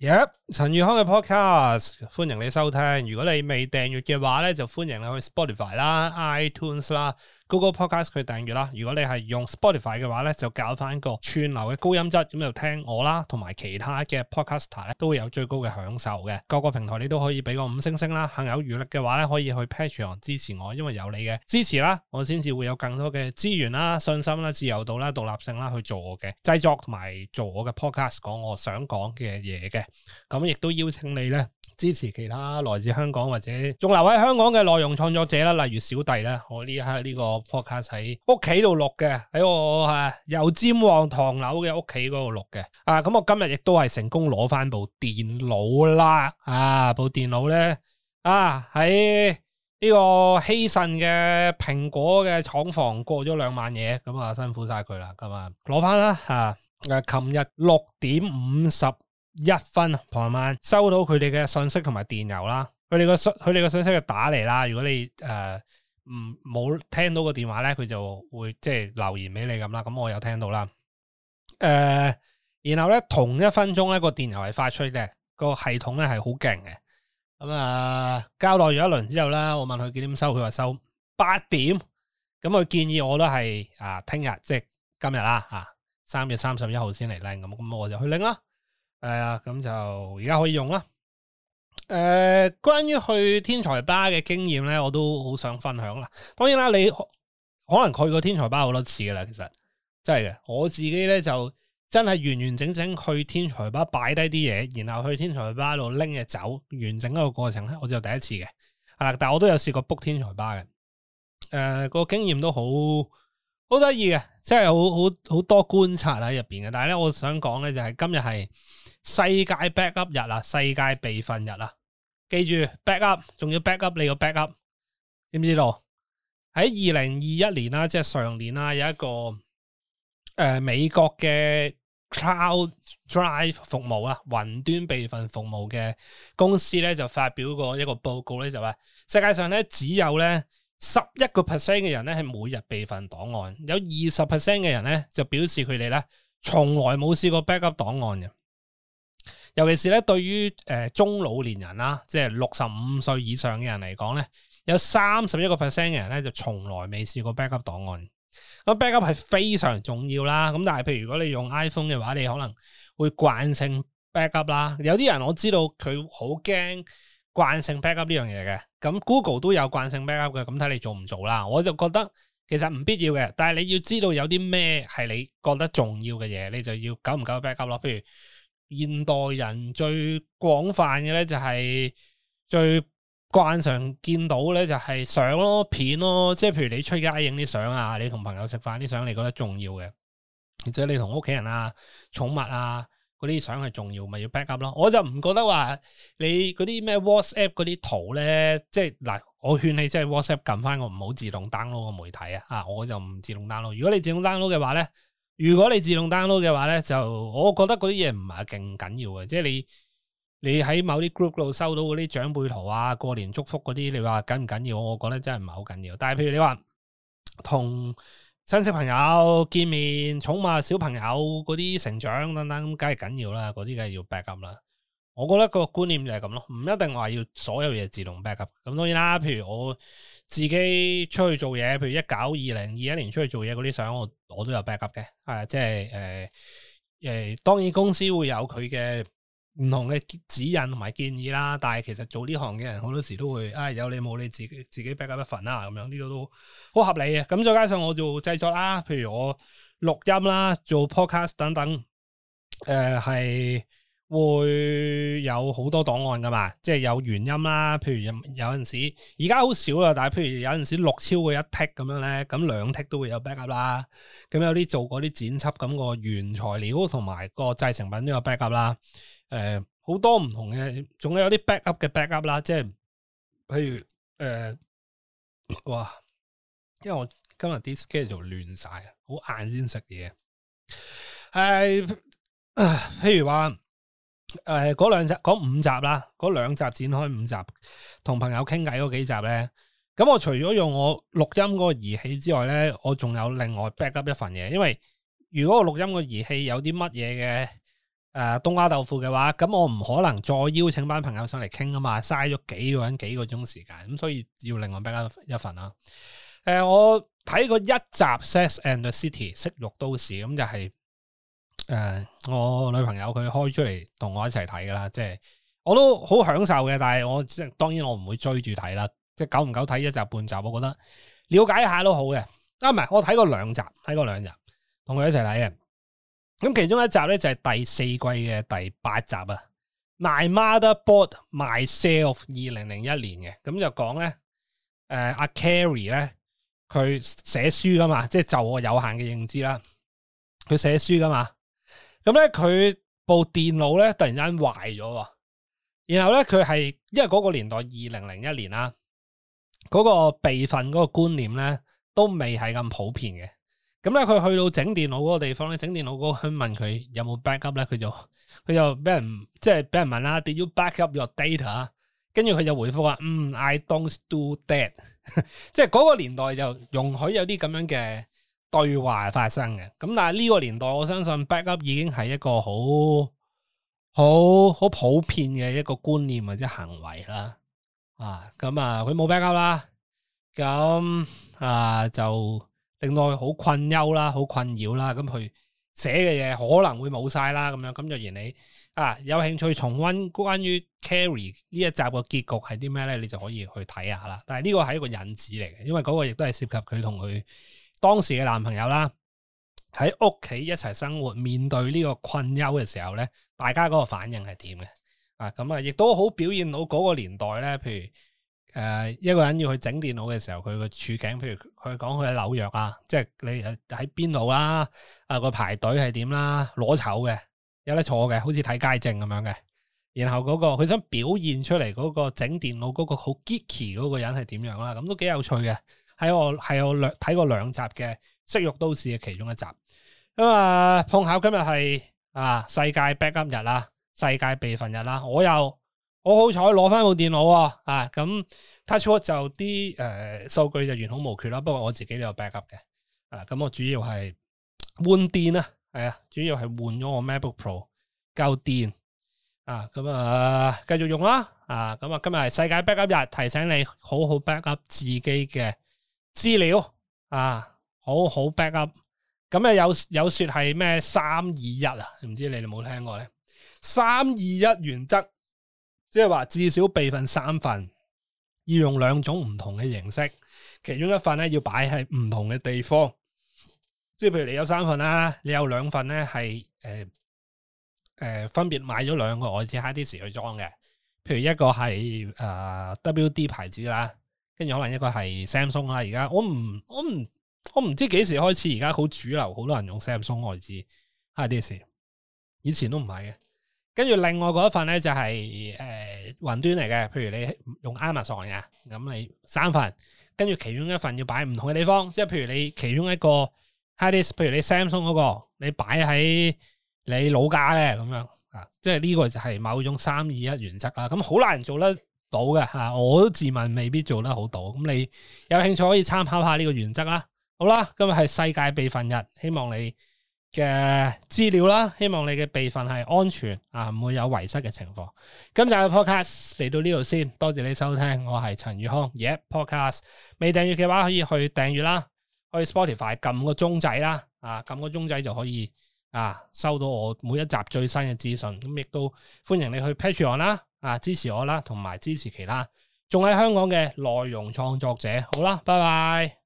Yep，陳宇康嘅 Podcast，歡迎你收聽。如果你未訂閱嘅話咧，就歡迎你去 Spotify 啦、iTunes 啦。Google Podcast 去訂閱啦，如果你係用 Spotify 嘅話咧，就搞翻個串流嘅高音質，咁就聽我啦，同埋其他嘅 Podcaster 咧都會有最高嘅享受嘅。各個平台你都可以俾個五星星啦，行有餘力嘅話咧，可以去 Patreon 支持我，因為有你嘅支持啦，我先至會有更多嘅資源啦、信心啦、自由度啦、獨立性啦去做我嘅製作同埋做我嘅 Podcast，講我想講嘅嘢嘅。咁亦都邀請你咧。支持其他來自香港或者仲留喺香港嘅內容創作者啦，例如小弟咧，我呢一刻呢個 podcast 喺屋企度錄嘅，喺我啊油尖旺唐樓嘅屋企嗰度錄嘅。啊，咁我今日亦都係成功攞翻部電腦啦。啊，部電腦咧，啊喺呢個希慎嘅蘋果嘅廠房過咗兩晚嘢。咁啊辛苦晒佢啦。今啊，攞翻啦。啊，誒，琴日六點五十，一分傍晚收到佢哋嘅信息同埋電郵啦，佢哋個訊佢哋個信息就打嚟啦。如果你誒唔冇聽到個電話咧，佢就會即係留言俾你咁啦。咁我有聽到啦。誒、呃，然後咧同一分鐘咧個電郵係發出嘅，個系統咧係好勁嘅。咁啊、呃，交代咗一輪之後啦，我問佢幾點收，佢話收八點。咁佢建議我都係啊，聽日即係今日啊，啊三月三十一號先嚟拎。咁咁我就去拎啦。係啊，咁、哎、就而家可以用啦。誒、呃，關於去天才吧嘅經驗咧，我都好想分享啦。當然啦，你可能去過天才吧好多次噶啦，其實真係嘅。我自己咧就真係完完整整去天才吧擺低啲嘢，然後去天才吧度拎嘢走，完整一個過程咧，我就第一次嘅。係啦，但係我都有試過 book 天才吧嘅，誒、呃，那個經驗都好。好得意嘅，即係好好好多觀察喺入邊嘅，但係咧，我想講咧就係今日係世界 backup 日啊，世界備份日啊，記住 backup，仲要 backup 你個 backup，知唔知道？喺二零二一年啦，即係上年啦，有一個誒、呃、美國嘅 cloud drive 服務啊，雲端備份服務嘅公司咧就發表過一個報告咧、就是，就話世界上咧只有咧。十一個 percent 嘅人咧，係每日備份檔案；有二十 percent 嘅人咧，就表示佢哋咧從來冇試過 backup 檔案嘅。尤其是咧，對於誒、呃、中老年人啦，即係六十五歲以上嘅人嚟講咧，有三十一個 percent 嘅人咧，就從來未試過 backup 檔案。咁 backup 係非常重要啦。咁但係，譬如如果你用 iPhone 嘅話，你可能會慣性 backup 啦。有啲人我知道佢好驚。慣性 backup 呢樣嘢嘅，咁 Google 都有慣性 backup 嘅，咁睇你做唔做啦。我就覺得其實唔必要嘅，但係你要知道有啲咩係你覺得重要嘅嘢，你就要搞唔搞 backup 咯。譬如現代人最廣泛嘅咧、就係，就係最慣常見到咧，就係相咯、片咯，即係譬如你出街影啲相啊，你同朋友食飯啲相，你覺得重要嘅，或者你同屋企人啊、寵物啊。嗰啲相係重要，咪要 backup 咯。我就唔覺得話你嗰啲咩 WhatsApp 嗰啲圖咧，即係嗱，我勸你即係 WhatsApp 撳翻個唔好自動 download 個媒體啊！啊，我就唔自動 download。如果你自動 download 嘅話咧，如果你自動 download 嘅話咧，就我覺得嗰啲嘢唔係勁緊要嘅。即係你你喺某啲 group 度收到嗰啲長輩圖啊，過年祝福嗰啲，你話緊唔緊要？我覺得真係唔係好緊要。但係譬如你話同。親戚朋友見面、寵物、小朋友嗰啲成長等等，咁梗係緊要啦，嗰啲梗係要 backup 啦。我覺得個觀念就係咁咯，唔一定話要所有嘢自動 backup。咁當然啦，譬如我自己出去做嘢，譬如一九二零、二一年出去做嘢嗰啲相，我我都有 backup 嘅，係即係誒誒，當然公司會有佢嘅。唔同嘅指引同埋建議啦，但係其實做呢行嘅人好多時都會啊、哎、有你冇你自己自己 backup 一份啦，咁樣呢個都好合理嘅。咁再加上我做製作啦，譬如我錄音啦，做 podcast 等等，誒、呃、係會有好多檔案噶嘛，即係有原音啦。譬如有有陣時而家好少啦，但係譬如有陣時錄超過一剔咁樣咧，咁兩剔都會有 backup 啦。咁有啲做嗰啲剪輯咁個原材料同埋個製成品都有 backup 啦。誒，好、呃、多唔同嘅，仲有啲 backup 嘅 backup 啦，即係，譬如誒、呃，哇，因為我今日啲 schedule 亂晒，好晏先食嘢。誒、呃，譬如話，誒、呃，嗰兩集，嗰五集啦，嗰兩集展開五集，同朋友傾偈嗰幾集咧，咁我除咗用我錄音嗰個儀器之外咧，我仲有另外 backup 一份嘢，因為如果我錄音個儀器有啲乜嘢嘅誒冬瓜豆腐嘅話，咁我唔可能再邀請班朋友上嚟傾啊嘛，嘥咗幾個人幾個鐘時間，咁所以要另外俾一一份啦。誒、呃，我睇過一集 Sex and the City《色慾都市》就是，咁就係誒我女朋友佢開出嚟同我一齊睇噶啦，即係我都好享受嘅，但係我即係當然我唔會追住睇啦，即係久唔久睇一集半集，我覺得了解一下都好嘅。啊唔係，我睇過兩集，睇過兩集，同佢一齊睇嘅。咁其中一集咧就係第四季嘅第八集啊，My Motherboard, My Self 二零零一年嘅，咁就講咧，誒、呃、阿 Carrie 咧佢寫書噶嘛，即、就、係、是、就我有限嘅認知啦，佢寫書噶嘛，咁咧佢部電腦咧突然間壞咗，然後咧佢係因為嗰個年代二零零一年啦，嗰、那個備份嗰個觀念咧都未係咁普遍嘅。咁咧，佢、嗯、去到整電腦嗰個地方咧，整電腦嗰個去問佢有冇 backup 咧，佢就佢就俾人即係俾人問啦。Did you backup your data？跟住佢就回覆話：嗯、um,，I don't do that。 即係嗰個年代就容許有啲咁樣嘅對話發生嘅。咁但係呢個年代，我相信 backup 已經係一個好好好普遍嘅一個觀念或者行為啦。啊，咁、嗯、啊，佢、嗯、冇 backup 啦。咁、嗯、啊，就。令到佢好困擾啦，好困擾啦，咁佢寫嘅嘢，可能會冇晒啦，咁樣咁若然你啊有興趣重温關於 Carrie 呢一集嘅結局係啲咩咧，你就可以去睇下啦。但係呢個係一個引子嚟嘅，因為嗰個亦都係涉及佢同佢當時嘅男朋友啦，喺屋企一齊生活，面對呢個困擾嘅時候咧，大家嗰個反應係點嘅？啊，咁啊，亦都好表現到嗰個年代咧，譬如。誒、呃，一個人要去整電腦嘅時候，佢個處境，譬如佢講佢喺紐約啊，即係你喺邊度啦，啊個排隊係點啦，攞籌嘅，有得坐嘅，好似睇街景咁樣嘅。然後嗰、那個佢想表現出嚟嗰個整電腦嗰個好 geeky 嗰個人係點樣啦，咁、啊、都幾有趣嘅。喺我係我兩睇過兩集嘅《色慾都市》嘅其中一集。咁、嗯、啊，碰巧今日係啊世界 backup 日啦，世界備份日啦，我又。我好彩攞翻部電腦啊！咁、啊、Touch 就啲誒數據就完好無缺啦。不過我自己都有 backup 嘅，啊咁我主要係換電啊，係、哎、啊，主要係換咗我 MacBook Pro 夠電啊，咁啊繼、啊、續用啦啊！咁啊，啊今日係世界 backup 日，提醒你好好 backup 自己嘅資料啊，好好 backup。咁啊有有說係咩三二一啊？唔知你哋有冇聽過咧？三二一原則。即係話，至少備份三份，要用兩種唔同嘅形式。其中一份咧，要擺喺唔同嘅地方。即係譬如你有三份啦、啊，你有兩份咧，係誒誒分別買咗兩個外置 hard disk 去裝嘅。譬如一個係誒、呃、WD 牌子啦，跟住可能一個係 Samsung 啦。而家我唔我唔我唔知幾時開始，而家好主流，好多人用 Samsung 外置 hard disk。以前都唔係嘅。跟住另外嗰一份咧就係誒雲端嚟嘅，譬如你用 Amazon 嘅，咁你三份，跟住其中一份要擺唔同嘅地方，即係譬如你其中一個，譬如你 Samsung 嗰個，你擺喺你老家嘅咁樣啊，即係呢個就係某種三二一原則啦，咁好難做得到嘅吓，我都自問未必做得好到，咁你有興趣可以參考下呢個原則啦，好啦，今日係世界備份日，希望你。嘅資料啦，希望你嘅備份係安全啊，唔會有遺失嘅情況。今集嘅 podcast 嚟到呢度先，多謝你收聽。我係陳宇康，而、yeah, podcast 未訂閱嘅話，可以去訂閱啦，可以 Spotify 撳個鐘仔啦，啊撳個鐘仔就可以啊，收到我每一集最新嘅資訊。咁、啊、亦都歡迎你去 Patreon 啦、啊，啊支持我啦，同、啊、埋支持其他仲喺香港嘅內容創作者。好啦，拜拜。